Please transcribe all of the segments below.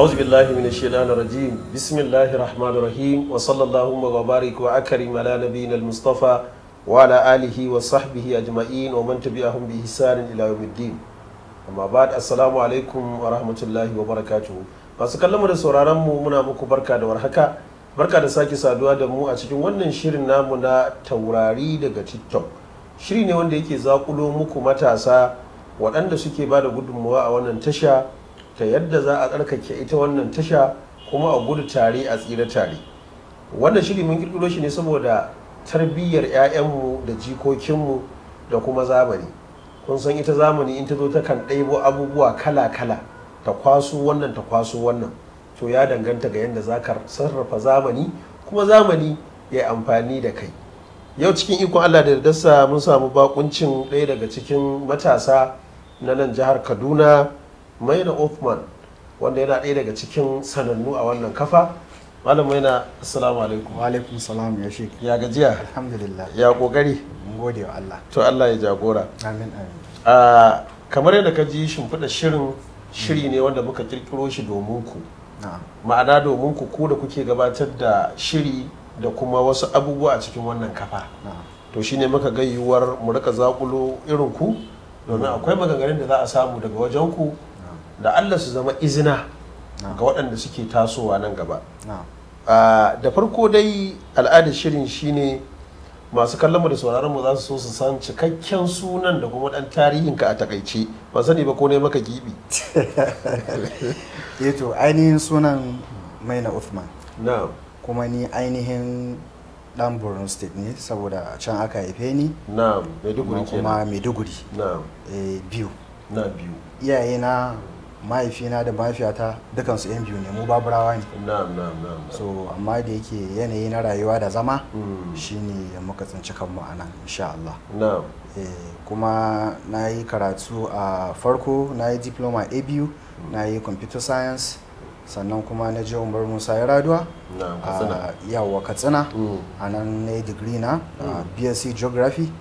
أعوذ بالله من الشيطان الرجيم بسم الله الرحمن الرحيم وصلى اللهم وبارك وأكرم على نبينا المصطفى وعلى آله وصحبه أجمعين ومن تبعهم بإحسان إلى يوم الدين amma ba السلام alaikum wa الله wa masu kallon da sauraron mu muna muku barka da warhaka barka da sake saduwa da mu a cikin wannan shirin namu na taurari daga tiktok shiri ne wanda yake zakulo muku matasa waɗanda suke ba da gudunmawa a wannan tasha ta yadda za a tsarkake ita wannan tasha kuma a gudu tare a tsira tare wannan shiri mun kirkiro shi ne saboda tarbiyyar 'ya'yanmu da jikokinmu da kuma zamani kun san ita zamani in ta zo ta kan ɗaibo abubuwa kala-kala ta kwaso wannan ta kwaso wannan to ya danganta ga yadda za ka sarrafa zamani kuma zamani ya amfani da kai yau cikin ikon allah da dasa mun samu bakuncin ɗaya daga cikin matasa na nan jihar kaduna maina othman wanda yana ɗaya daga cikin sanannu a wannan kafa malam maina assalamu alaikum alaikum salam ya shi ya gajiya alhamdulillah ya kokari mun gode wa Allah to Allah ya jagora amin amin ah, kamar yadda ka ji shimfiɗa shirin shiri ne wanda muka ƙirƙiro shi domin ku ma'ana domin ku ko da kuke gabatar da shiri da kuma wasu abubuwa a cikin wannan kafa to shine muka ga yiwuwar mu rika zakulo irin ku domin akwai maganganun da za a samu daga wajen ku da Allah su zama izina ga waɗanda suke tasowa nan gaba ah, da farko dai al'adar shirin shine masu kallon mu da sauraron mu za su so su san cikakken sunan da kuma dan tarihin ka a takaice ba sani ba ko ne maka gibi eh to ainihin sunan maina uthman na kuma ni ainihin dan borno state ne saboda can aka haife ni na maiduguri kuma maiduguri na eh biyu na biyu iyaye na mahaifina da mahaifiyata dukansu yan biyu ne mu baburawa ne so amma da yake yanayi na rayuwa da zama hmm. shine muka tsinci kanmu a nan insha Allah eh, kuma na yi karatu a farko na yi diploma a biyu hmm. na yi computer science sannan kuma na je umar musa ya raduwa a yawa katsina hmm. a nan na yi digiri na bsc geography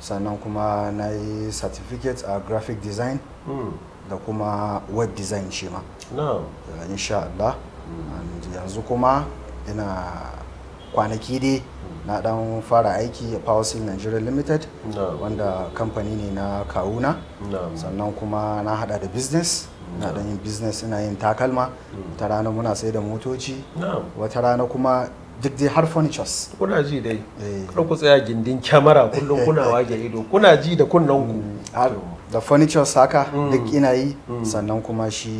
sannan kuma na yi certificate a graphic design da kuma web design shi ma eh, insha Allah yanzu kuma ina kwanaki dai na dan fara aiki a Powersil Nigeria Limited wanda kamfani ne na kawuna sannan kuma na hada da business na dan yin business ina yin takalma mm. wata rana muna sai da motoci wata rana kuma duk dai har furnitures kuna ji dai eh. Kuna ku tsaya gindin kyamara kullum kuna wage ido kuna ji da kunnen ku da furniture saka mm. duk ina yi mm. sannan kuma shi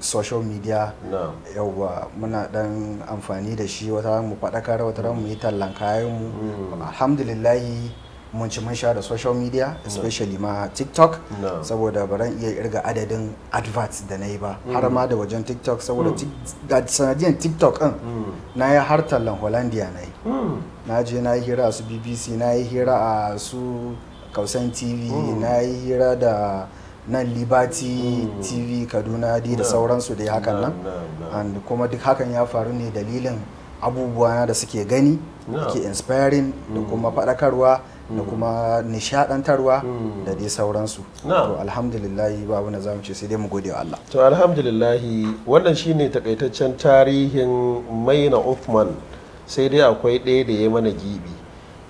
social media yauwa muna dan amfani da shi wata mu faɗakar wata mu yi tallan kayan mu. Mm. alhamdulillahi mun ci mun sha da social media especially ma tiktok saboda baran iya irga adadin adverts da nayi ba har ma da wajen tiktok saboda sanadiyan tiktok ɗin na har tallan hollandia nayi. Naje nayi hira a su bbc nayi hira a su kausan tv mm. na yi hira da nan liberty mm. tv kaduna dai da sauransu da hakan nan and kuma duk hakan ya faru ne dalilin abubuwa da suke gani suke ke inspiring da mm. kuma faɗakarwa da kuma nishadantarwa da dai sauransu to alhamdulillahi babu na zamu ce sai dai mu gode wa Allah to alhamdulillahi wannan shine takaitaccen tarihin maina Uthman sai dai akwai ɗaya da ya mana gibi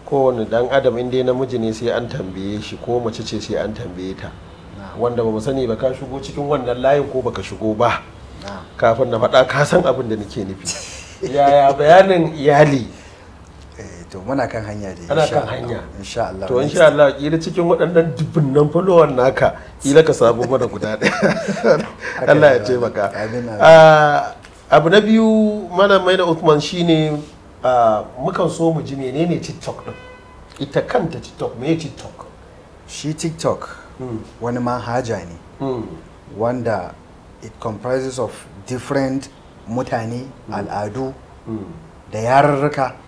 kowane dan adam inda namiji ne sai an tambaye shi ko mace ce sai an tambaye ta wanda ba mu sani ba ka shigo cikin wannan layin ko baka shigo ba kafin na faɗa ka san abin da nake nufi yaya bayanin iyali eh, to muna kan hanya dai ana kan hanya insha Allah to insha Allah kila cikin waɗannan dubunnan followers naka kila ka sabo mana guda ɗaya Allah ya Amin maka ah, abu na biyu mana mai da Uthman shine Ah, mukan so mu ji menene tiktok din ita kanta tiktok me tiktok shi tiktok hmm. wani manhaja ne hmm. wanda it comprises of different mutane hmm. al'adu da yarurruka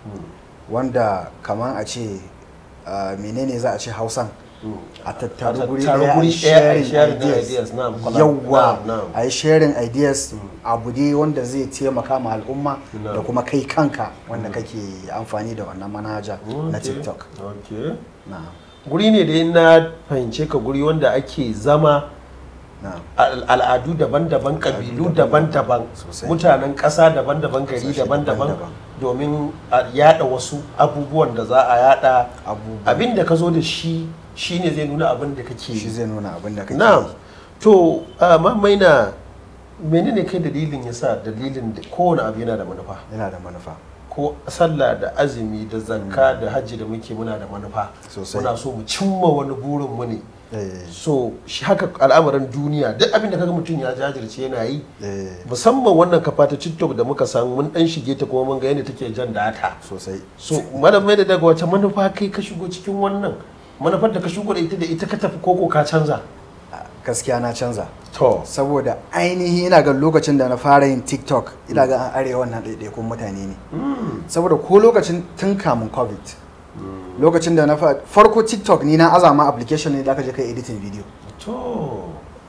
wanda kamar a ce ah, menene za a ce hausan a mm. tattaru guri daya a sharing ideas yawwa a yi sharing ideas mm. abu dai wanda zai taimaka ma al'umma da kuma kai kanka wanda mm. kake amfani da wannan manhaja na tiktok guri ne da na fahimce ka guri wanda ake zama al'adu daban-daban kabilu daban-daban mutanen ƙasa daban-daban gari daban-daban domin yada wasu abubuwan da za a yada abinda ka zo da shi shi ne zai nuna abin da kake shi zai nuna abin da kake na'am to mamai na menene kai dalilin yasa dalilin da kowane abu yana da manufa yana da manufa ko sallah da azumi da Zanka hmm. da hajji da muke muna da manufa muna so mu cimma wani burin mu ne eh. so shi haka al'amarin duniya duk abin da kaga mutum ya jajirce yana yi eh. musamman wannan kafa ta tiktok da muka san mun dan shige ta kuma mun ga yadda take jan data sosai so malamai da daga wace manufa kai ka shigo cikin wannan manufar da ka shuka da ita da ita ka tafi koko ka canza gaskiya na canza to saboda ainihi ina ga lokacin da na fara yin tiktok ina ga an arewa wannan ɗaiɗaikun mutane ne hmm. saboda ko lokacin tun kamun covid lokacin da na farko tiktok ni na azama application ne da aka je kai editing video to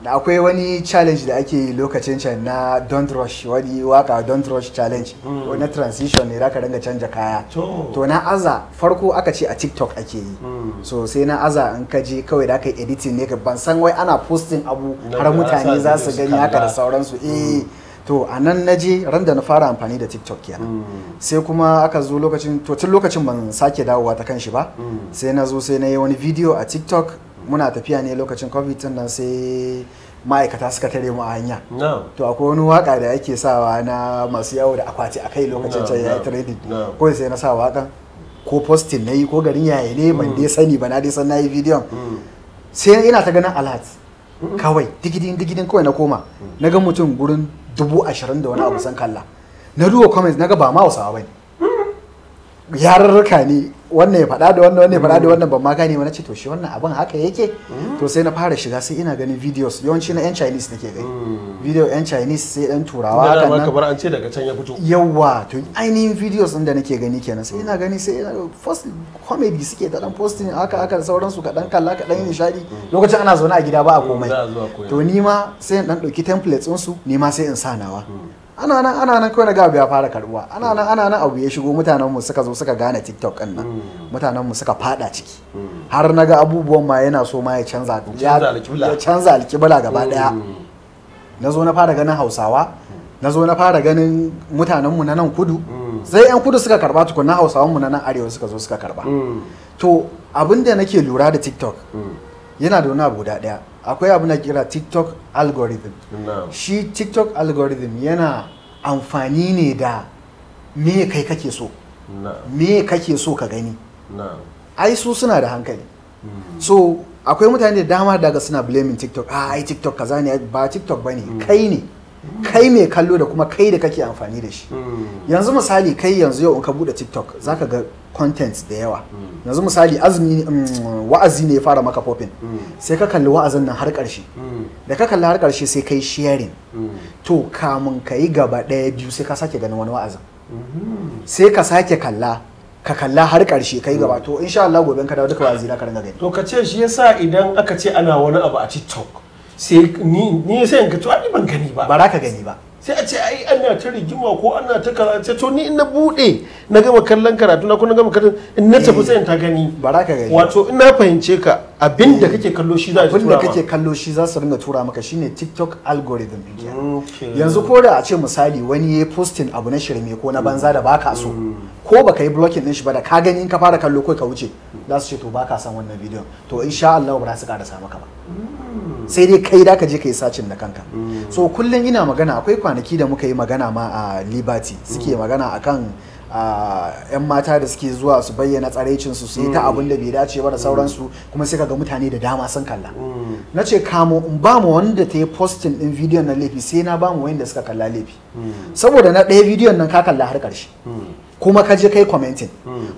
da akwai wani challenge da ake yi lokacin can na don't rush wani waka don't rush challenge wani hmm. transition ne zaka ringa canja kaya to na aza farko aka ce a tiktok ake yi hmm. so sai na aza in ka je kawai da aka yi editin ne ban san wai ana posting abu har mutane za su gani haka da sauransu hmm. eh to a nan na je ran da na fara amfani da tiktok kenan sai kuma aka zo lokacin to tun lokacin ban sake dawowa ta kan shi ba sai na zo sai na yi wani video a tiktok muna tafiya ne lokacin covid nan sai ma'aikata suka tare mu a hanya to akwai wani waka da yake sawa na masu yawo da akwati akai lokacin can ya ko sai na sa wakan ko posting na yi ko garin yaya ne ban mm. dai sani ba na dai san na yi bidiyon mm. sai ina ta ganin alert kawai digidin digidin kawai na koma mm. na ga mutum gurin dubu ashirin da wani abu san kalla na duba comments na ga ba ma wasu bane. yarurruka ne wannan ya faɗa da wannan wannan ya faɗa da mm. wannan ban ma gane ba nace to shi wannan abin haka yake mm. to sai na fara shiga sai ina ganin videos yawanci na yan Chinese nake gani mm. video yan Chinese sai yan turawa haka nan kamar an ce daga can ya fito yawa to ainihin videos din da nake gani kenan sai ina gani sai ina first comedy suke ta dan posting haka haka da sauransu ka dan kalla ka dan nishadi lokacin ana zaune a gida ba a komai to ni ma sai in dan dauki templates din su ni ma sai in sa nawa ana nan ana nan kawai na ga ya fara karbuwa ana nan ana nan abu ya shigo mutanen mu suka zo suka gane TikTok din nan mm. mutanen mu suka fada ciki mm. har na ga abubuwan ma yana so ma ya canza ya canza alkibla gaba daya mm. na zo na fara ganin Hausawa na zo na fara ganin mutanen mu na nan kudu sai yan kudu suka karba tukun na Hausawan mu na nan arewa suka zo suka karba to abin da nake lura da TikTok yana da wani abu da daya akwai abu na kira tiktok algorithm shi tiktok algorithm yana amfani ne da me kai kake so me kake so ka gani ai su suna da hankali hmm. so akwai mutane da dama daga suna blaming tiktok a ah, ai tiktok kaza ne ba tiktok bane hmm. kai ne kai mai kallo da kuma kai da kake amfani da shi hmm. yanzu misali kai yanzu yau in ka bude tiktok zaka ga contents da yawa hmm. yanzu misali azumi mm, wa'azi ne ya fara maka popin hmm. sai ka kalli wa'azin nan har karshe da ka kalli har karshe sai kai sharing to kamun ka yi gaba ɗaya biyu sai ka sake ganin wani wa'azin sai ka sake kalla ka kalla har karshe kai gaba to insha Allah gobe ka dawo duka wa'azi na ka ringa gani to ka ce shi yasa idan aka ce ana wani abu a tiktok sai ni ni sai ka to ni ban gani ba ba ka gani ba sai a ce ai ana ta rigima ko ana ta karatu to ni in na bude na gama kallon karatu na kuma na gama karatu in na tafi sai in ta gani ba ka gani wato in na fahimce ka abin kake kallo shi za su tura kake shi ne su ringa tura maka TikTok algorithm yanzu ko da a ce misali wani ya posting abu na shirme ko na banza da baka so mm. ko baka yi blocking din shi ba da ka gani in ka fara kallo kai ka wuce za su ce to baka san wannan bidiyon to insha Allah ba za su samu maka ba mm. sai dai kai da ka je ka yi sacin da kanka mm. so kullum ina magana akwai kwanaki da muka yi magana ma a Liberty suke magana akan yan mata da suke zuwa su bayyana tsaraicinsu su yi ta mm. abin da bai dace ba da mm. sauransu kuma sai ga mutane da dama sun kalla mm. na ce kamo in ba mu wanda ta yi postin din bidiyon na laifi sai na ba mu wanda suka kalla laifi saboda na ɗaya bidiyon nan ka kalla har ƙarshe kuma ka je kai commenting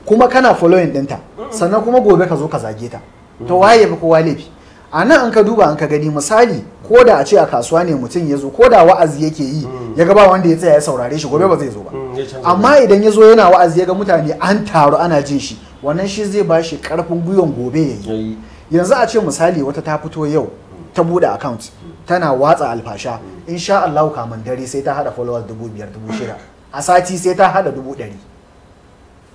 kuma kana following ɗinta sannan kuma gobe ka zo ka zage ta to waye fi kowa laifi a nan an ka duba an ka gani misali ko da a ce a kasuwa ne mutum ya zo ko da wa'azi yake yi hmm. ya ga ba wanda ya tsaya ya saurare shi gobe ba zai zo ba hmm, amma idan ya zo yana wa'azi ya ga mutane an taru ana jin shi wannan shi zai ba shi karfin gwiwan gobe ya yi yanzu a ce misali wata ta fito yau ta bude account tana watsa alfasha hmm. insha Allah kamun dare sai ta hada followers dubu biyar dubu shida a sati sai ta hada dubu ɗari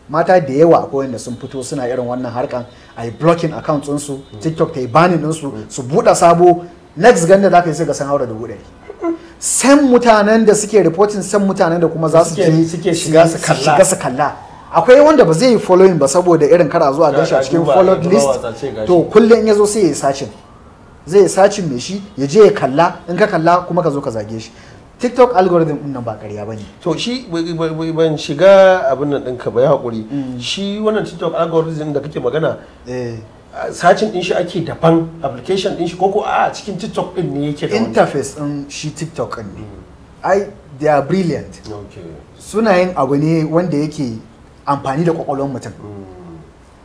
mata da yawa akwai wanda sun fito suna irin wannan harkan a yi blocking account ɗinsu tiktok ta yi banin ɗinsu su buɗe sabo next ganda za ka yi sai ga san haura da ɗari san mutanen da suke reporting san mutanen da kuma za su suke shiga su kalla akwai wanda ba zai yi following ba saboda irin kara zuwa gashi a cikin followed list to kullum in ya zo sai ya yi sacin zai yi sacin mai shi ya je ya kalla in ka kalla kuma ka zo ka zage shi tiktok algorithm din nan ba karya ba ne to shi ban shiga abin nan ɗinka ba ya haƙuri mm. shi wannan tiktok algorithm da kake magana eh. sacin din shi ake daban application din shi koko a cikin tiktok din ne yake da interface din shi tiktok din ne mm. ai they are brilliant suna yin abu ne wanda yake amfani da kwakwalwar mutum mm.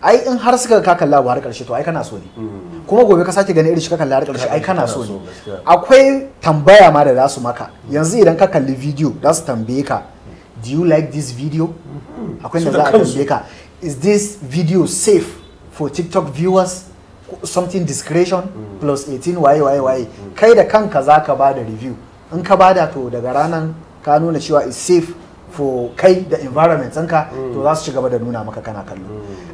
ai in har suka ka kalla har karshe to ai kana so ne mm. kuma gobe ka sake gani irin shi ka kalla har karshe ai kana so ne akwai tambaya ma da zasu maka mm. yanzu idan ka kalli video za su tambaye ka do you like this video mm. akwai da za a tambaye ka is this video safe for tiktok viewers something discretion plus 18 waye waye waye kai da kanka zaka ba da review in ka bada to daga ranan ka nuna cewa is safe for kai da environment ɗinka to za su ci gaba da nuna maka kana kallo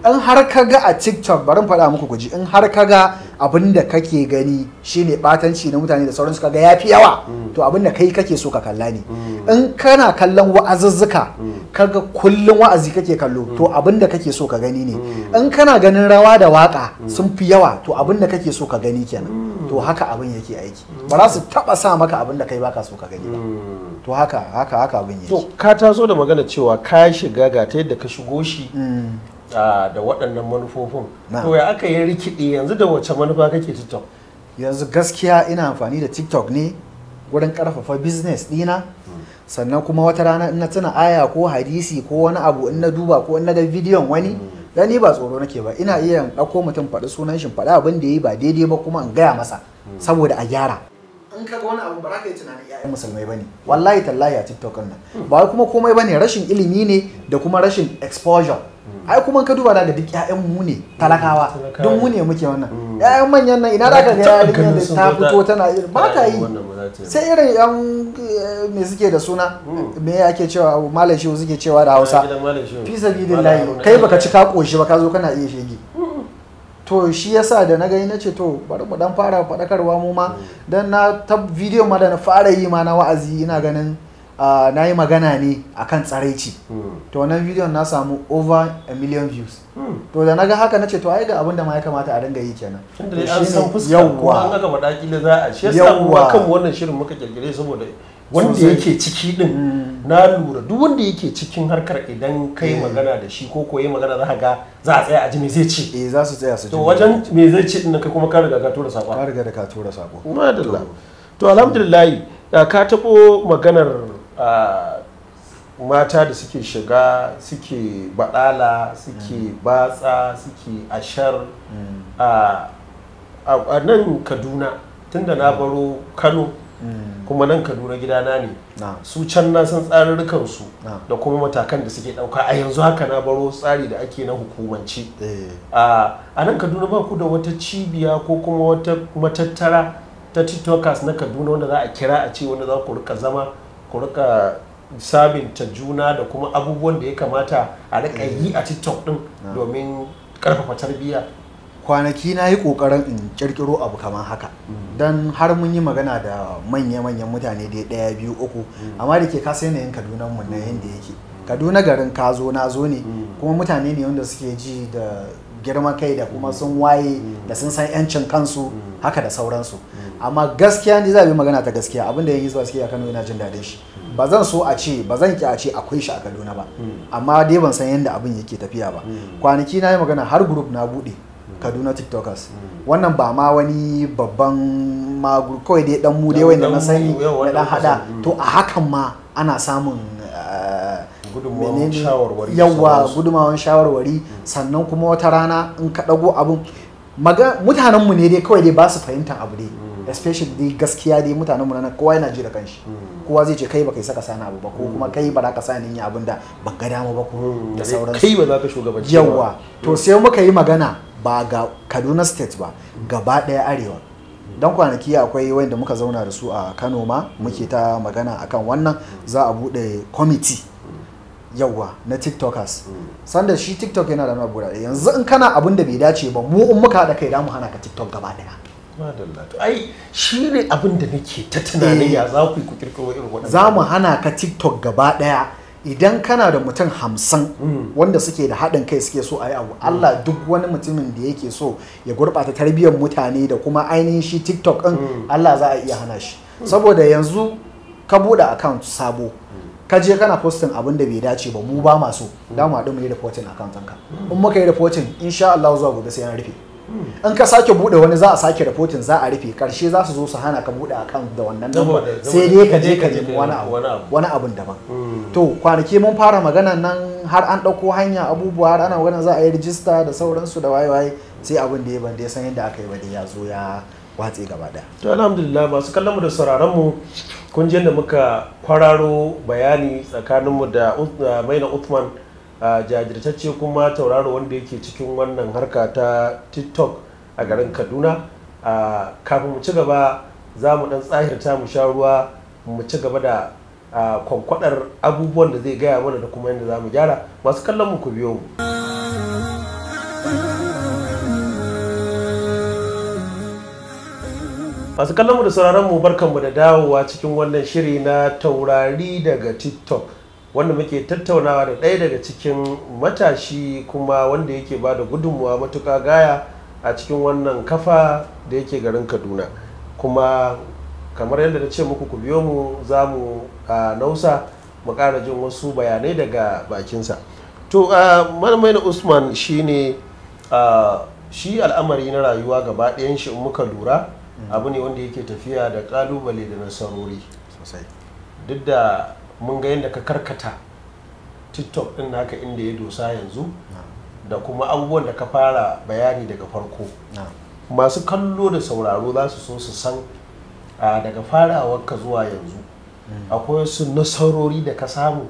in har ka ga a tiktok bari faɗa muku guji in har ka ga abin da kake gani shine batanci na mutane da sauransu suka ga yafi yawa mm. to abin da kai kake so ka kalla ne mm. in kana kallon wa'azuzzuka mm. kaga kullun wa'azi kake kallo to abin da kake so ka gani ne in kana ganin rawa da waka sun fi yawa to abin da kake so ka gani kenan to haka abin yake aiki ba za su taba sa maka abin da kai baka so ka gani ba to haka haka haka abin yake to ka taso da magana cewa ka shiga ga ta yadda ka shigo shi da waɗannan manufofin to ya aka yi rikidi yanzu da wace manufa kake tiktok yanzu gaskiya ina amfani da tiktok ne wurin karfafa business dina hmm. sannan kuma wata rana ina tuna aya ko hadisi ko wani abu in na duba ko in na ga bidiyon wani hmm. dan ni ba tsoro nake ba ina iya ɗauko mutum faɗi sunan shi faɗi abin da yi ba daidai ba kuma in gaya masa hmm. saboda a gyara in ka wani abu ba za ka yi tunanin 'ya'yan musulmai bane wallahi tallahi a tiktok nan ba kuma komai bane rashin ilimi ne da kuma rashin exposure Mm. ai kuma ka duba daga duk ƴaƴan mu ne talakawa mm, don mu ne muke wannan mm. ƴaƴan manyan nan ina zaka ga yarinya da ta fito tana irin ba ta yi sai irin ƴan eh, me suke da suna me ake cewa malam shehu suke cewa da Hausa fi sabilillahi kai baka ci ka koshi ba ka zo kana iya shege to shi yasa da na gani na ce to bari mu dan fara faɗakarwa mu ma dan na ta bidiyon ma da na fara yi ma na wa'azi ina ganin uh, na yi magana ne a kan tsaraici mm. to wannan bidiyon na samu over a million views hmm. to da na ga haka na ce to ai ga abin da ma ya kamata a dinga yi kenan an san fuska kuma an aka za a shi yasa kuma kan wannan shirin muka kirkire saboda wanda yake ciki din hmm. na lura duk wanda yake cikin harkar idan kai eh. magana da shi ko koyi magana za ga za a tsaya a ji me zai ci. eh za su tsaya su ji to wajen me zai ci din kai kuma ka riga ka tura sako ka riga da ka tura sako madalla to alhamdulillah ka taɓo maganar mata da suke shiga suke baɗala suke mm. batsa suke ashar mm. a nan kaduna tunda na mm. baro kano kuma nan kaduna gidana ne su can na san su da kuma matakan da suke ɗauka a yanzu haka na baro tsari da ake na hukumance eh. a nan kaduna ba ku da wata cibiya ko kuma wata matattara ta tiktokers na kaduna wanda za a kira a ce wanda za ku rika zama ku rika sabinta juna da kuma abubuwan da ya kamata a rika eh. yi a tiktok din domin karfafa tarbiyya kwanaki na yi kokarin in kirkiro abu kamar haka mm. don har mun yi magana da manya-manyan mutane da ɗaya biyu uku mm. amma da ke kasa yanayin kaduna mu na yadda mm. yake kaduna garin ka zo na zo ne kuma mutane ne wanda suke ji da girman kai da kuma sun waye da sun san yancin kansu haka da sauransu amma gaskiya ni zabi magana ta gaskiya abinda yan zuwa suke a Kano ina jin dadin shi ba zan so a ce ba zan ki a ce akwai shi a Kaduna ba amma dai ban san yadda abin yake tafiya ba kwanaki na yi magana har group na bude Kaduna TikTokers wannan ba ma wani babban ma kawai dai dan mu dai wanda na sani da dan hada to a hakan ma ana samun yawa gudunmawan shawarwari mm. sannan kuma wata rana in ka ɗago abin mutanenmu ne dai kawai dai ba su fahimtar abu dai mm. especially dai gaskiya dai mutanenmu na kowa yana ji da kanshi mm. kowa zai ce kai ba kai saka sani abu ba ko kuma kai ba za ka sani yi abin da ban ga dama ba ko da sauransu kai ba za ka shugabanci yawa to sai muka yi magana ba ga Kaduna state ba gaba ɗaya arewa dan kwanaki akwai wanda muka zauna da su a Kano ma muke ta magana akan wannan za a buɗe kwamiti yauwa na tiktokers hmm. sanda shi tiktok yana da nuna guda yanzu in kana abin da bai dace ba mu in muka haɗa kai da mu hana ka tiktok gaba daya ai shi ne abin da nake ta tunanin ya eh. za ku yi ku kirkiro irin wannan za mu hana ka tiktok gaba daya idan kana da mutum hamsin hmm. wanda suke da haɗin kai suke so a yi abu Allah hmm. duk wani mutumin da yake so ya gurɓata tarbiyyar mutane da kuma ainihin shi tiktok ɗin Allah za a iya hana shi saboda yanzu ka buɗe account sabo ka je kana postin abin da bai dace ba mu ba masu da mu haɗu mu yi reporting akan kanka in muka yi reporting insha Allah zuwa gobe sai an rufe in ka sake bude wani za a sake reporting za a rufe karshe za su zo su hana ka bude account da wannan number sai dai ka je ka nemi wani abu wani abun daban hmm. to kwanaki mun fara magana nan har an ɗauko hanya abubuwa har ana magana za a yi register da sauransu da waye waye sai abin da ya ban dai san yadda aka yi ba dai ya zo ya watse gaba daya to alhamdulillah masu kallon mu da sauraron mu kun da muka kwararo bayani tsakaninmu da maina uthman jajirtacce kuma tauraro wanda yake cikin wannan harka ta tiktok a garin kaduna kafin mu ci gaba za mu dan tsahirta mu sha ruwa mu ci gaba da kwankwadar abubuwan da zai gaya mana da kuma yadda za mu gyara masu kallon mu ku biyo mu masu kallon mu da sauraron mu barkanmu da dawowa cikin wannan shiri na taurari daga tiktok wanda muke tattaunawa da ɗaya daga cikin matashi kuma wanda yake ba da gudunmuwa matuka gaya a cikin wannan kafa da yake garin kaduna kuma kamar yadda na ce muku ku biyo mu za mu nausa mu ƙara jin wasu bayanai daga bakinsa to malamaina usman shine shi al'amari na rayuwa gaba ɗayan shi in muka lura Mm. abu ne wanda yake tafiya da kalubale da nasarori duk da mun ga yadda ka karkata tiktok din naka inda ya dosa yanzu da kuma abubuwan da ka fara bayani daga farko masu kallo da sauraro za su so su san daga ka zuwa yanzu mm. akwai wasu nasarori da ka samu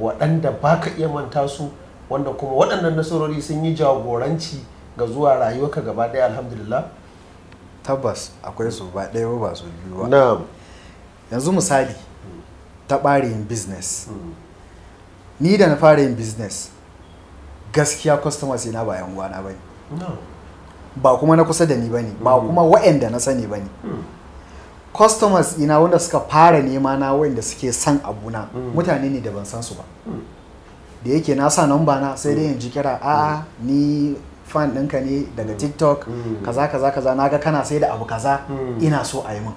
waɗanda ba ka iya manta su wanda kuma waɗannan nasarori sun yi jagoranci ga zuwa rayuwarka gaba ɗaya alhamdulillah tabbas akwai su ba ɗaya ba su biyu ba yanzu misali mm. ta ɓare yin business mm. ni da na fara yin business gaskiya sai na ba yan uwana ba ne ba kuma na kusa da ni ba ne ba mm. kuma wa'anda na sani ba ne customers ina wanda suka fara nema na wanda suke san abuna mutane ne da ban san su ba da yake na sa namba na sai dai in ji kira a ni fan ɗinka ne daga mm. tiktok mm. kaza kaza kaza na ga kana sai da abu kaza mm. ina so a yi min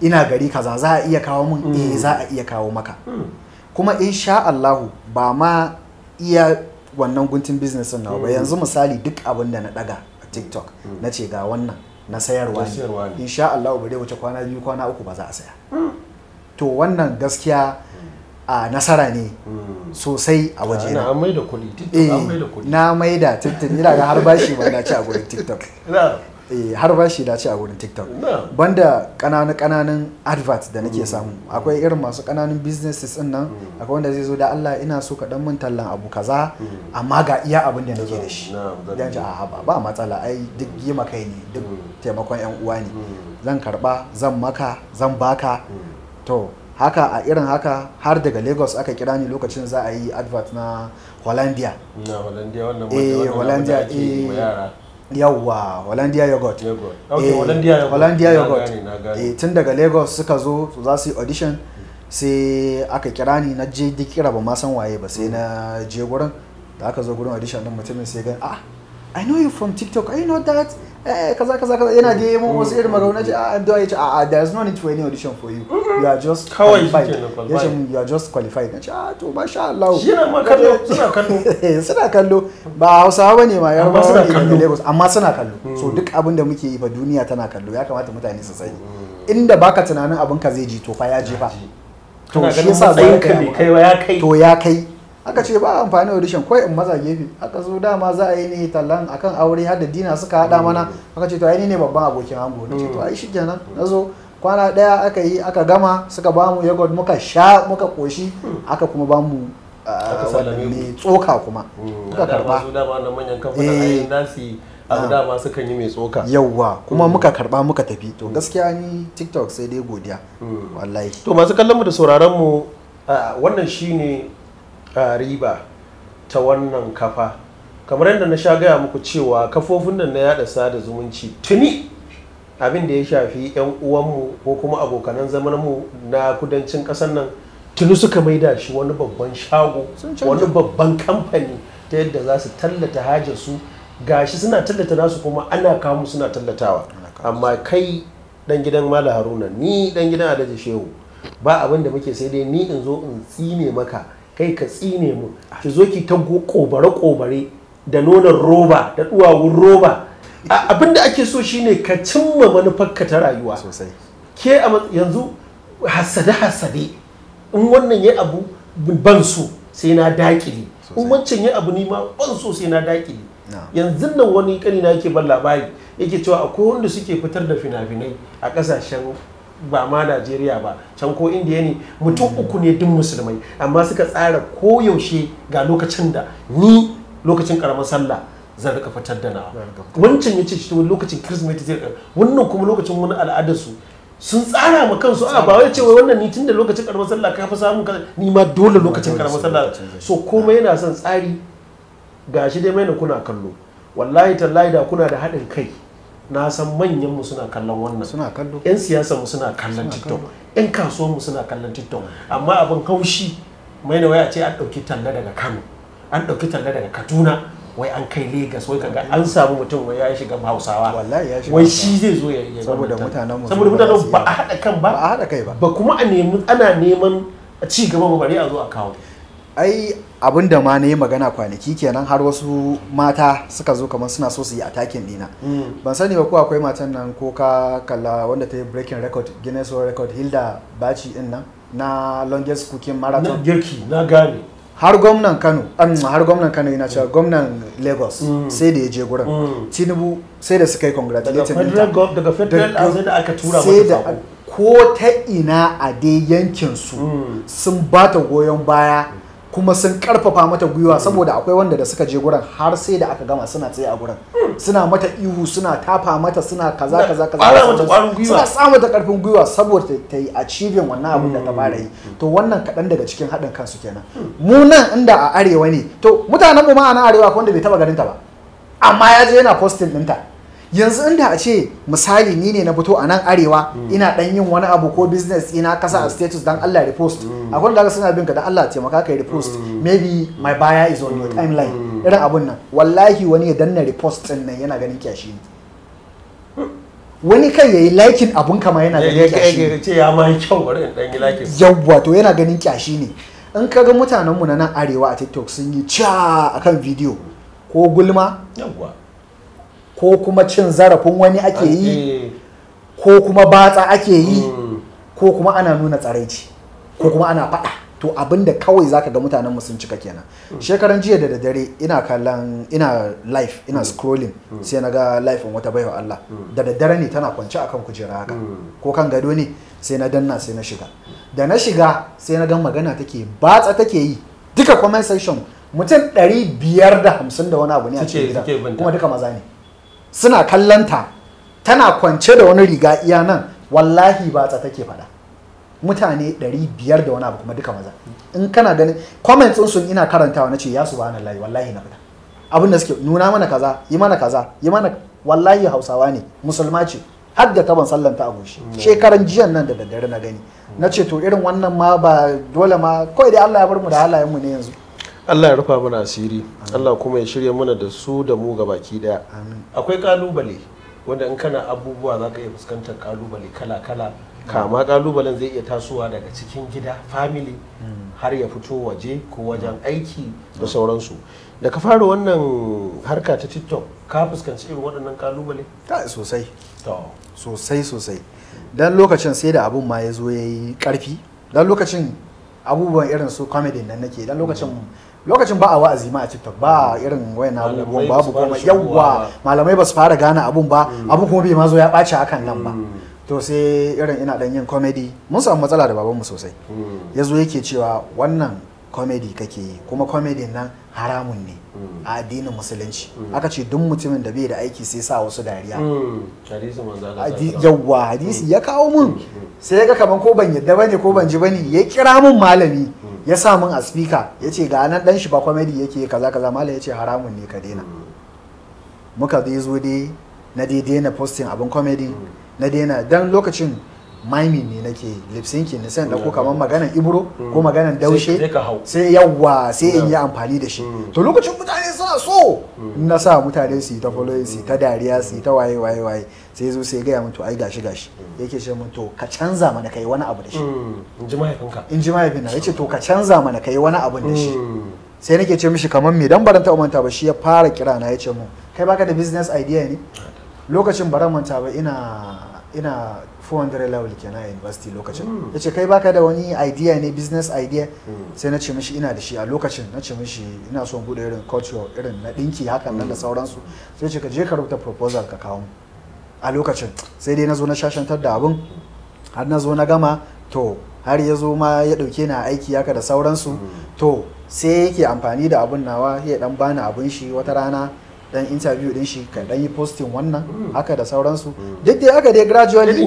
ina gari kaza za a iya kawo min eh za a iya kawo maka kuma insha Allahu ba ma iya wannan guntun business na ba yanzu misali duk abin da na daga a tiktok na ce ga wannan na sayarwa ne insha Allahu ba zai wuce kwana biyu kwana uku ba za a saya to wannan gaskiya a nasara ne hmm. sosai a ah, waje na mai da kuɗi tiktok eh, na mai da tiktok ina ga har bashi ba na a gurin tiktok eh, har bashi na a gurin tiktok banda kananun kananan advert da nake hmm. samu akwai irin masu ƙananan businesses din nan hmm. akwai wanda zai zo da Allah ina so ka dan mun tallan abu kaza amma ga iya abin da nake da shi dan ji a ba matsala ai duk yi kai ne duk taimakon yan uwa ne zan karba zan maka zan baka to haka a irin haka har daga lagos aka kira ni lokacin za a yi advert na hollandia na hollandia wannan eh hollandia eh yawwa hollandia yogurt eh, hollandia yogurt eh, tun daga lagos suka zo za su yi audition sai aka kira ni na je duk kira ba ma san waye ba sai na je gurin da aka zo gurin audition din mutumin sai gan ah i know you from tiktok i know that eh kaza kaza kaza yana da yayin wasu irin magana ce a addu'a yace a there is no need for any audition for you mm-hmm. you are just qualified yace you are just qualified nace a ah, to masha Allah shi ma kallo suna kallo eh, suna kallo ba Hausawa bane ma yar ba suna kallo Lagos amma suna kallo so mm. duk abin da muke yi fa duniya tana kallo ya kamata mutane su sani mm. inda baka tunanin abin ka zai ji to fa ya je fa to shi yasa zai kai to ya kai to ya kai aka ce ba amfani da audition kawai in maza gefe aka zo dama za a yi ne tallan akan aure har da dina suka haɗa mana aka ce to ai ne babban abokin ango na ce to ai shi kenan na zo kwana ɗaya aka yi aka gama suka bamu yogurt muka sha muka koshi aka kuma bamu ah, wadanne tsoka kuma hmm. muka karba eh. abu ah. dama sukan yi mai tsoka yauwa kuma hmm. muka karba muka tafi to hmm. gaskiya ni tiktok sai dai godiya wallahi to masu kallon mu da sauraron mu ah, wannan shine riba ta wannan kafa kamar yadda na sha gaya muku cewa kafofin nan na yada sada zumunci tuni abin da ya shafi 'yan uwanmu ko kuma abokanan zamanmu na kudancin ƙasar nan tuni suka maida shi wani babban shago wani babban kamfani ta yadda za su tallata hajarsu gashi suna tallata nasu kuma ana kamu suna tallatawa amma kai dan gidan mala haruna ni dan gidan alhaji shehu ba abin da muke sai dai ni in zo in tsine maka kai ka tsine mu ki zo ki ta kobare kobare da nonon roba da duwawun roba abin da ake so shine ka cimma manufarka ta rayuwa sosai ke yanzu hasade hasade in wannan ya abu ban so sai na dakile in wancan ya abu nima ban so sai na dakili yanzu nan wani kani na yake ban labari yake cewa akwai wanda suke fitar da fina-finai a ƙasashen. ba ma Najeriya ba can ko indiya ne mutum uku ne duk musulmai amma suka tsara koyaushe ga lokacin da ni lokacin karamar sallah zan rika fitar da nawa wancan ya ce shi lokacin kirsimeti zai rika wannan kuma lokacin wani al'adarsu sun tsara ma kansu a ba wai cewa wannan ni tunda lokacin karamar sallah ka fi samun ni ma dole lokacin karamar sallah so komai yana son tsari gashi dai mai kuna kallo wallahi tallahi da kuna da haɗin kai na san manyan mu suna kallon wannan suna kallo yan siyasa mu suna kallon tiktok yan kasuwa mu suna kallon tiktok amma abin haushi mai na waya ce an ɗauki talla daga kano an ɗauki talla daga kaduna wai an kai Legas wai kaga an samu mutum wai ya shiga Hausawa wai shi zai zo ya yi saboda mutanen mu saboda mutanen ba a hada kan ba ba a hada kai ba ba kuma a nemi ana neman ci gaba ba bare a zo a kawo ai abin da ma na yi magana kwanaki kenan har wasu mata suka zo kamar suna so su yi atakin dina mm. ban sani ba ko akwai matan nan ko ka kalla wanda ta yi breaking record guinness world record hilda baci din nan na longest cooking marathon na girki na gane har gwamnan kano har gwamnan kano yana cewa mm. gwamnan lagos mm. sai da ya je gurin tinubu sai da suka yi congratulating daga federal a sai da aka tura mata ko ta ina a dai yankin su sun ba ta goyon baya kuma sun karfafa mata gwiwa mm. saboda akwai wanda da suka je gurin har sai da aka gama suna tsaye a gurin mm. suna mata ihu suna tafa mata suna kaza kaza kaza suna samu ta karfin gwiwa saboda ta yi achieving wannan abin da ta mm. fara yi to wannan kaɗan daga cikin haɗin kansu kenan mu nan inda a arewa ne to mutanen mu ma a arewa wanda bai taba garin ta ba amma ya je yana posting ɗinta yanzu inda a ce misali ni ne na fito a nan arewa mm. ina dan yin wani abu ko business ina kasa a mm. status dan Allah repost mm. akwai daga suna bin ka dan Allah taimaka kai repost maybe my buyer is on your timeline irin abun nan wallahi wani ya danna repost din nan yana ganin kyashi wani kai yayi liking abun kama yana ganin eh, kyashi ne ce ya ma kyau bari dan yi liking yawwa to yana ganin kyashi ne in ka ga mutanenmu na nan arewa a TikTok sun yi ca akan video ko gulma yawwa ko kuma cin zarafin wani ake ah, yi eh. ko kuma batsa ake yi hmm. ko kuma ana nuna tsaraici ko kuma ana faɗa to abin da kawai zaka ga mutanen mu sun cika kenan hmm. shekaran jiya da daddare ina kallon ina live ina hmm. scrolling sai na ga live wata baiwa Allah da daddare ne tana kwance akan kujera haka ko kan gado ne sai na danna sai na shiga da na shiga sai na ga magana take batsa take yi duka comment section mutum 550 da wani abu ne a cikin gida kuma duka maza ne suna kallanta tana kwance da wani riga iya nan wallahi ba ta take faɗa mutane 500 da wani abu kuma duka maza in kana ganin comments sun ina karantawa ce ya subhanallahi wallahi na fita abin da suke nuna mana kaza yi mana kaza yi mana wallahi hausawa ne musulma ce har da taban sallanta a goshi mm. shekaran jiyan nan da daddare na gani na ce to irin wannan ma ba dole ma kawai dai Allah ya bar mu da halayenmu mu ne yanzu Allah ya rufa mana asiri Allah kuma ya shirya mana da su da mu baki daya akwai kalubale wanda in kana abubuwa za ka iya fuskantar kalubale kala-kala mm. kama kalubalen zai iya tasowa daga cikin gida family mm. har ya fito waje ko wajen mm. aiki da sauransu da ka fara wannan harka ta tiktok ka fuskanci irin waɗannan kalubale ta sosai sosai sosai dan lokacin sai da abun ma ya zo ya yi ƙarfi dan lokacin abubuwan irin su comedy nan nake dan lokacin lokacin ba a wa'azi ma a tiktok ba irin wayan abubuwan babu kuma yawwa malamai ba su fara gane abun ba mm. abu kuma bai ma zo ya ɓaci hakan nan ba mm. to sai irin ina dan yin comedy mun samu matsala da babanmu sosai mm. ya zo yake cewa wannan comedy kake yi kuma comedy nan haramun ne a addinin musulunci aka ce duk mutumin da bai da aiki sai sa wasu dariya yawwa hadisi ya kawo mun sai ya ga kaman ko ban yadda bane ko ban ji bane ya kira mun malami ya sa min a speaker ya ce ga nan dan shi ba comedy yake kaza kaza mallam ya ce haramun ne ka daina muka zo dai na dai daina posting abin comedy mm. na daina dan lokacin maimi ne nake lipsinki syncing ne sai mm. kamar maganan ibro ko mm. maganan daushe sai yawa sai in yi amfani da shi mm. to lokacin mutane suna so na sa mutane su yi ta follow su ta dariya su ta waye waye waye sai zo sai gaya mutu ai gashi gashi yake ce mun to ka canza mana kai wani abu da shi in ji mahaifinka in ji mahaifinka yace to ka canza mana kai wani abu da shi sai nake ce mishi kamar me dan baran ta umanta ba shi ya fara kira na yace mun kai baka da business idea ne ah, lokacin baran manta ba ina ina 400 level kenan a university lokacin hmm. ya ce kai baka da wani idea ne business idea hmm. sai na ce mishi ina da shi a lokacin na ce mishi ina son bude irin culture irin na dinki hakan nan da hmm. sauransu sai ce ka je ka rubuta proposal ka kawo a lokacin sai dai na zo na shashantar da abin har na zo na gama to har ya zo ma ya dauke na aiki haka da sauransu to sai yake amfani da abun nawa ya dan bani abin shi wata rana dan interview din shi ka dan yi posting wannan mm. haka da sauransu mm. duk dai aka dai gradually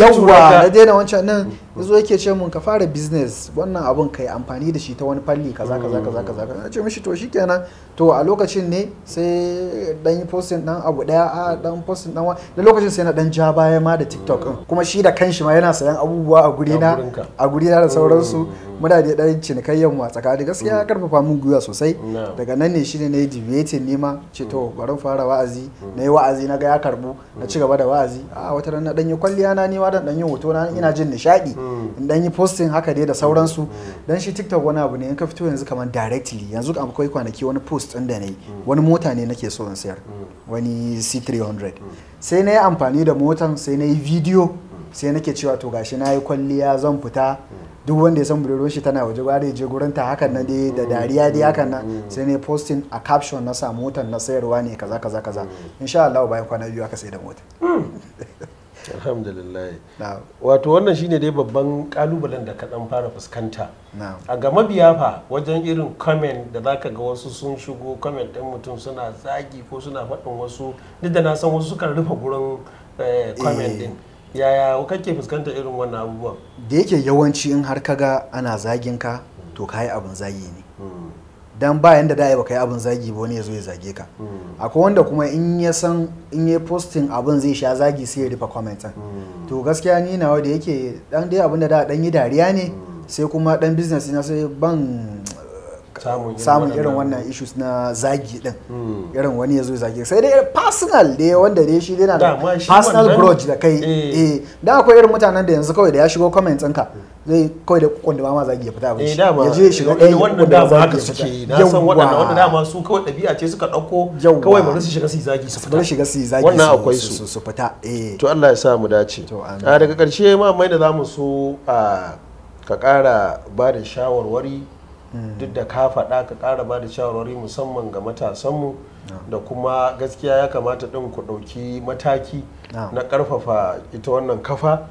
yawwa na daina wancan nan mm. yazo yake ce mun ka fara business wannan abun kai amfani da shi ta wani falli kaza kaza kaza kaza kaza ce mishi to shikenan to a lokacin ne sai dan yi posting dan abu daya a dan posting dan da lokacin sai na dan ja baya ma da TikTok kuma shi da kanshi ma yana sayan abubuwa a gurina a gurina da sauransu muna da ɗan cinikayyan mu a tsakani gaskiya karfafa mm. min gwiwa sosai daga nan ne shine yi debating nema ce to mm. bari fara wa'azi mm. na yi wa'azi na ga ya karbu na ci gaba da wa'azi a wata rana ɗanyi kwalliya na ni don dan yi hoto na ina jin nishaɗi. in ɗanyi yi posting haka dai da sauransu dan shi TikTok wani abu ne in ka fito yanzu kamar directly yanzu akwai kwanaki wani post ɗin da nayi wani mota ne nake so in sayar wani C300 sai na yi amfani da motan sai na yi video sai nake cewa to gashi na yi kwalliya zan fita duk wanda ya san budurwar shi tana waje gware je gurin ta hakan na dai da mm. dariya dai hakan na mm. sai ne posting a caption na sa motar na sayarwa ne kaza kaza kaza mm. insha Allah bayan kwana biyu aka sai da motar alhamdulillah wato wannan shine dai babban kalubalen da kaɗan fara fuskanta a ga mabiya fa wajen irin comment da zaka ga wasu sun shigo comment ɗin mutum suna zagi ko suna faɗin wasu duk da na san wasu sukan rufe gurin eh, comment din eh. yaya kake fuskantar irin wannan abubuwan da yake yawanci in har ka ga ana zagin ka to kai abin zagi ne hmm. dan ba yanda da ba yi abin zagi ba wani ya zo ya zage ka hmm. akwai wanda kuma in ya san in ya posting abin zai sha zagi sai ya rufe comment hmm. to gaskiya ni nawa da yake dan dai abin da da dan yi dariya ne sai kuma dan business na sai ban samun irin wannan issues na zagi din hmm. irin wani ya zo zagi sai dai personal dai wanda dai shi dai na da personal grudge da kai eh. eh da akwai irin mutanen da yanzu kawai da ya shigo comments ɗinka zai kawai da kwanda ba ma zagi ya fita abinci eh, ya je ya shiga ɗaya wanda da ba haka suke na san waɗanda wanda dama su kawai ɗabi'a ce suka ɗauko kawai bari su shiga su zagi su fita bari shiga su zagi wannan akwai su su fita eh to Allah ya sa mu dace daga ƙarshe ma mai da zamu so ka ƙara ba da shawarwari duk da ka faɗa ka ƙara ba da shawarwari musamman ga matasanmu da kuma gaskiya ya kamata ɗin ku ɗauki mataki na ƙarfafa ita wannan kafa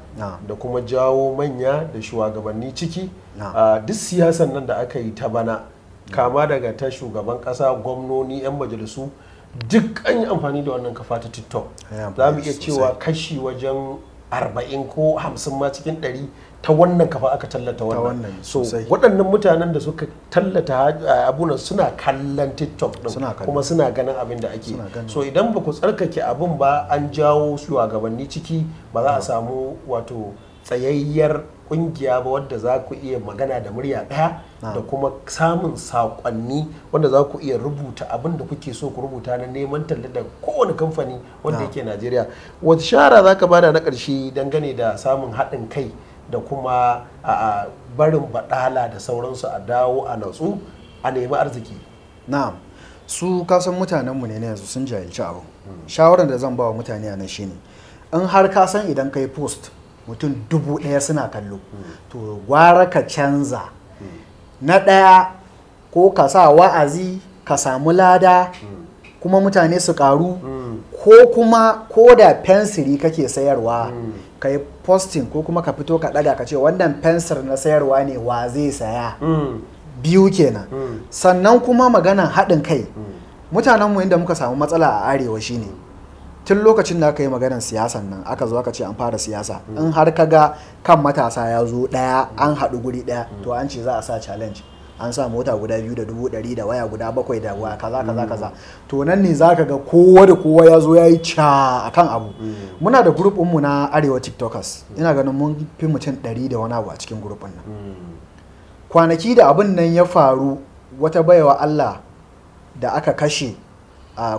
da kuma jawo manya da shugabanni ciki a ah, duk siyasan nan da aka yi ta bana kama daga ta shugaban ƙasa gwamnoni 'yan majalisu duk an yi amfani da wannan kafa ta tiktok za mu iya cewa kashi wajen arba'in ko hamsin ma cikin ɗari ta wannan kafa aka tallata wannan so waɗannan mutanen da suka tallata eh, abunan suna kallon tiktok din kuma suna ganin abin da ake so idan ba ku tsarkake abin ba an jawo gabanni ciki ba za a samu wato tsayayyar ƙungiya ba wadda za ku iya magana da murya ɗaya da kuma samun saƙonni wanda za ku iya rubuta abin da kuke so ku rubuta na neman talle da kowane kamfani wanda yake najeriya wata shara za ka bada na ƙarshe dangane da samun haɗin kai da kuma a barin baɗala da sauransu a dawo a natsu a nemi arziki na'am su kasan mutanenmu ne na yanzu sun jahilci abu shawarar da zan ba wa mutane a nan shine in har ka san idan kai post mutum dubu ɗaya suna kallo to gwara ka canza na ɗaya ko ka sa wa'azi ka samu lada kuma mutane su ƙaru ko kuma ko da fensiri kake sayarwa ka yi posting ko kuma ka fito ka daga ka ce wannan fensir na sayarwa ne wa zai saya mm. biyu kenan mm. sannan kuma maganan haɗin kai mm. mutanenmu inda muka samu matsala a arewa shine tun lokacin da aka yi maganar siyasan nan aka zo aka ce an fara siyasa in har ka ga kan matasa ya zo ɗaya an haɗu guri ɗaya to an ce za a sa challenge an sa mota guda biyu da dubu ɗari da waya guda bakwai da waya kaza kaza mm. kaza to nan ne zaka ga kowa da kowa ya zo ya yi ca akan abu mm. muna da group mu na arewa tiktokers ina ganin mun fi mutum ɗari da wani abu a cikin group nan mm. kwanaki da abin nan ya faru wata baiwa Allah da aka kashe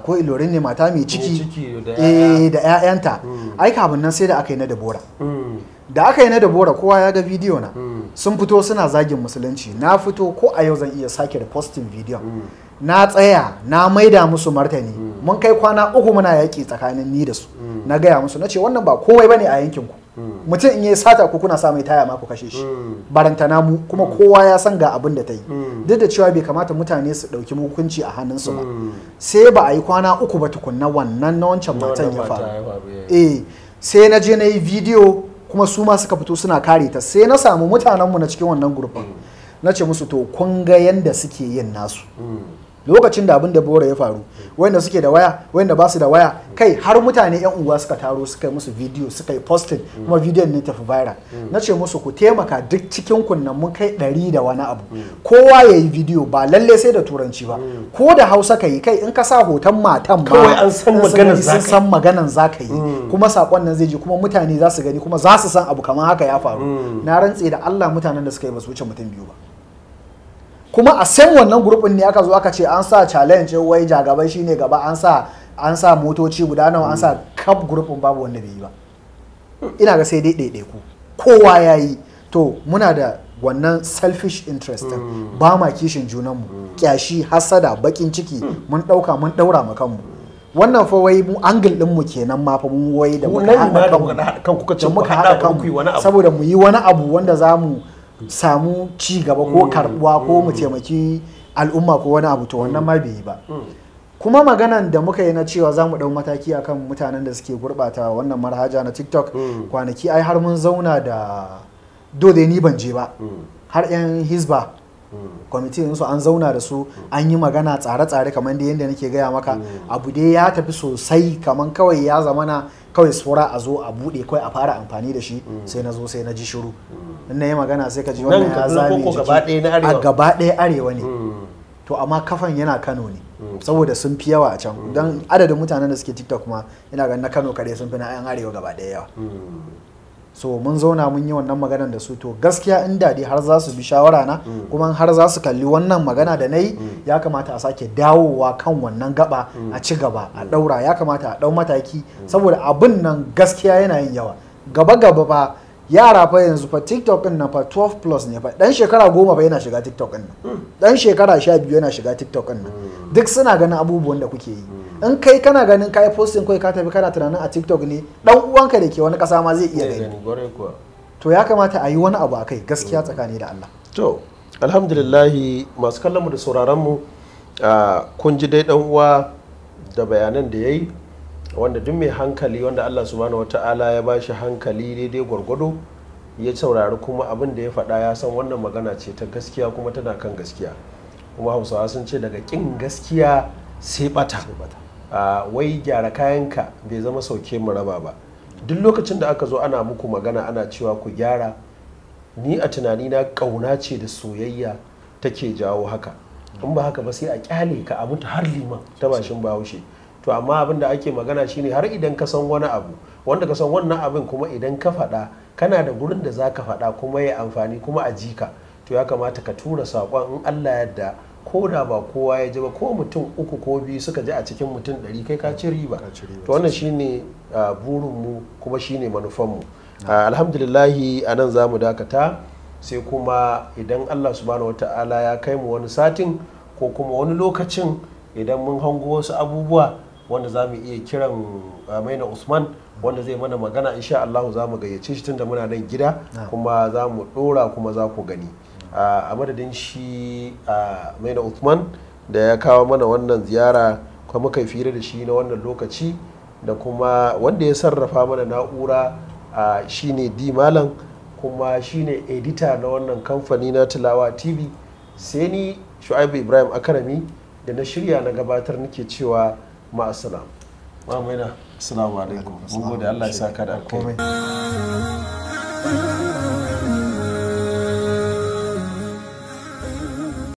ko ilorin ne mata mai ciki da 'ya'yanta eh, hmm. ai kafin nan sai da aka yi na dabora hmm. da aka yi na dabora kowa ya ga bidiyo na hmm. sun fito suna zagin musulunci na fito ko a yau zan iya sake da reposting bidiyon na tsaya na maida musu martani mun kai kwana uku muna yaƙi tsakanin ni da su na gaya musu na ce wannan ba kowai bane a yankin ku mutum in yayi sata ku kuna sa mai taya ma ku kashe shi barantana mu kuma kowa ya san ga abin da ta yi duk da cewa bai kamata mutane su ɗauki hukunci a hannun su ba sai ba a yi kwana uku ba tukunna wannan na wancan matan ya faru eh. eh sai na je na yi bidiyo kuma su ma suka fito suna kare ta sai na samu mutanenmu na cikin wannan gurbin na ce musu to kun ga yanda suke yin nasu lokacin da abin da bora ya faru wanda suke da waya wanda ba su da waya kai har mutane yan uwa suka taro suka yi musu video suka yi posting kuma video ne tafi viral na ce musu ku taimaka duk cikin kunnan mun kai ɗari da wani abu kowa ya yi video ba lalle sai da turanci ba ko da hausa ka yi kai in ka sa hoton matan kawai an san maganan za ka yi mm. kuma sakon nan zai je kuma mutane za su gani kuma za su san abu kamar haka ya faru mm. na rantse da Allah mutanen da suka yi ba su wuce mutum biyu ba kuma a san wannan gurbin ne aka zo aka ce an sa challenge wai jagabai shine gaba an sa an sa motoci guda nawa an sa hmm. cup gurbin babu wanda bai yi ba ina ga sai dai ku kowa yayi to muna da wannan selfish interest mm. ba ma kishin junanmu mm. kyashi hasada bakin ciki hmm. mun ɗauka mun ɗaura mu kanmu wannan fa wai mu angle din mu kenan ma fa mu wai da muka haɗa kanmu da muka haɗa kanmu saboda mu yi wani abu wanda za mu samu ci gaba ko mm. karbuwa ko mu mm. taimaki al'umma ko wani abu to mm. wannan ma bai yi ba kuma maganan da muka yi na cewa za mu ɗau mataki akan mutanen da suke gurɓata wannan marhaja na tiktok kwanaki ai har mun zauna da do ni ban je ba har 'yan hisba kwamitin su an zauna da su an yi magana tsare-tsare kamar da yadda nake gaya maka abu dai ya tafi sosai kaman kawai ya zamana kawai sura a zo a bude kawai a fara amfani da shi sai na zo sai na ji shiru in na yi magana sai ka ji wannan ya zame jiki a gaba ɗaya arewa ne hmm. to amma kafan yana kano ne hmm. saboda sun fi yawa a can hmm. don adadin mutanen da suke tiktok kuma ina ganin na kano kare sun fi na 'yan arewa gaba ɗaya yawa so mun zauna mun yi wannan maganar da su to gaskiya in daɗi har za su bi shawara na mm. kuma har za su kalli wannan magana da na yi mm. ya kamata a sake dawowa kan wannan gaba mm. a ci gaba a ɗaura ya kamata a ɗau mataki saboda abun nan gaskiya yana yin yawa gaba gaba ba yara fa yanzu fa tiktok din na fa 12 plus ne fa dan shekara goma fa yana shiga tiktok din nan hmm. dan shekara sha biyu yana shiga tiktok din nan hmm. duk suna ganin abubuwan da kuke yi hmm. in kai kana ganin kai posting kai ka tafi kana tunanin a tiktok ne dan uwanka da ke wani kasa ma zai iya gani to ya kamata a yi wani abu a kai gaskiya tsakani da Allah to alhamdulillah masu kallon mu da sauraron mu ah, kun ji dai dan uwa da bayanan da yayi wanda duk mai hankali wanda allah subhanahu wata'ala ya ba shi hankali daidai gwargwado ya saurari kuma abin da ya faɗa ya san wannan magana ce ta gaskiya kuma tana kan gaskiya kuma hausawa sun ce daga ƙin gaskiya sai bata wai gyara kayanka bai zama sauke mu raba ba duk lokacin da aka zo ana muku magana ana cewa ku gyara ni a tunani na ƙauna ce da soyayya take jawo haka in ba haka ba sai a kyale ka a mutu har liman ta bashin bahaushe to amma abin da ake magana shine har idan ka san wani abu wanda ka san wannan abin kuma idan ka faɗa kana da gurin da za ka faɗa kuma ya amfani kuma a jika to ya kamata ka tura saƙon in allah yadda ko da ba kowa ya ji ba ko mutum uku ko biyu suka ji a cikin mutum ɗari kai ka ci riba to wannan shine burinmu kuma shine manufan mu alhamdulillahi a nan za mu dakata sai kuma idan allah subhanahu wata'ala ya kai mu wani satin ko kuma wani lokacin idan mun hango wasu abubuwa wanda za mu iya kiran ah, maina usman wanda zai mana magana insha allahu za mu gayyace shi tunda muna nan gida kuma za mu dora kuma za ku gani ah, a madadin shi ah, maina usman da ya kawo mana wannan ziyara kuma muka fira da shi na wannan lokaci da kuma wanda ya sarrafa mana na'ura shine d malam kuma shine edita na wannan kamfani na tilawa tv sai ni shu'aibu ibrahim akarami da na shirya na gabatar nake cewa ma'asalam ma'amaina assalamu alaikum mun gode allah ya saka da alkai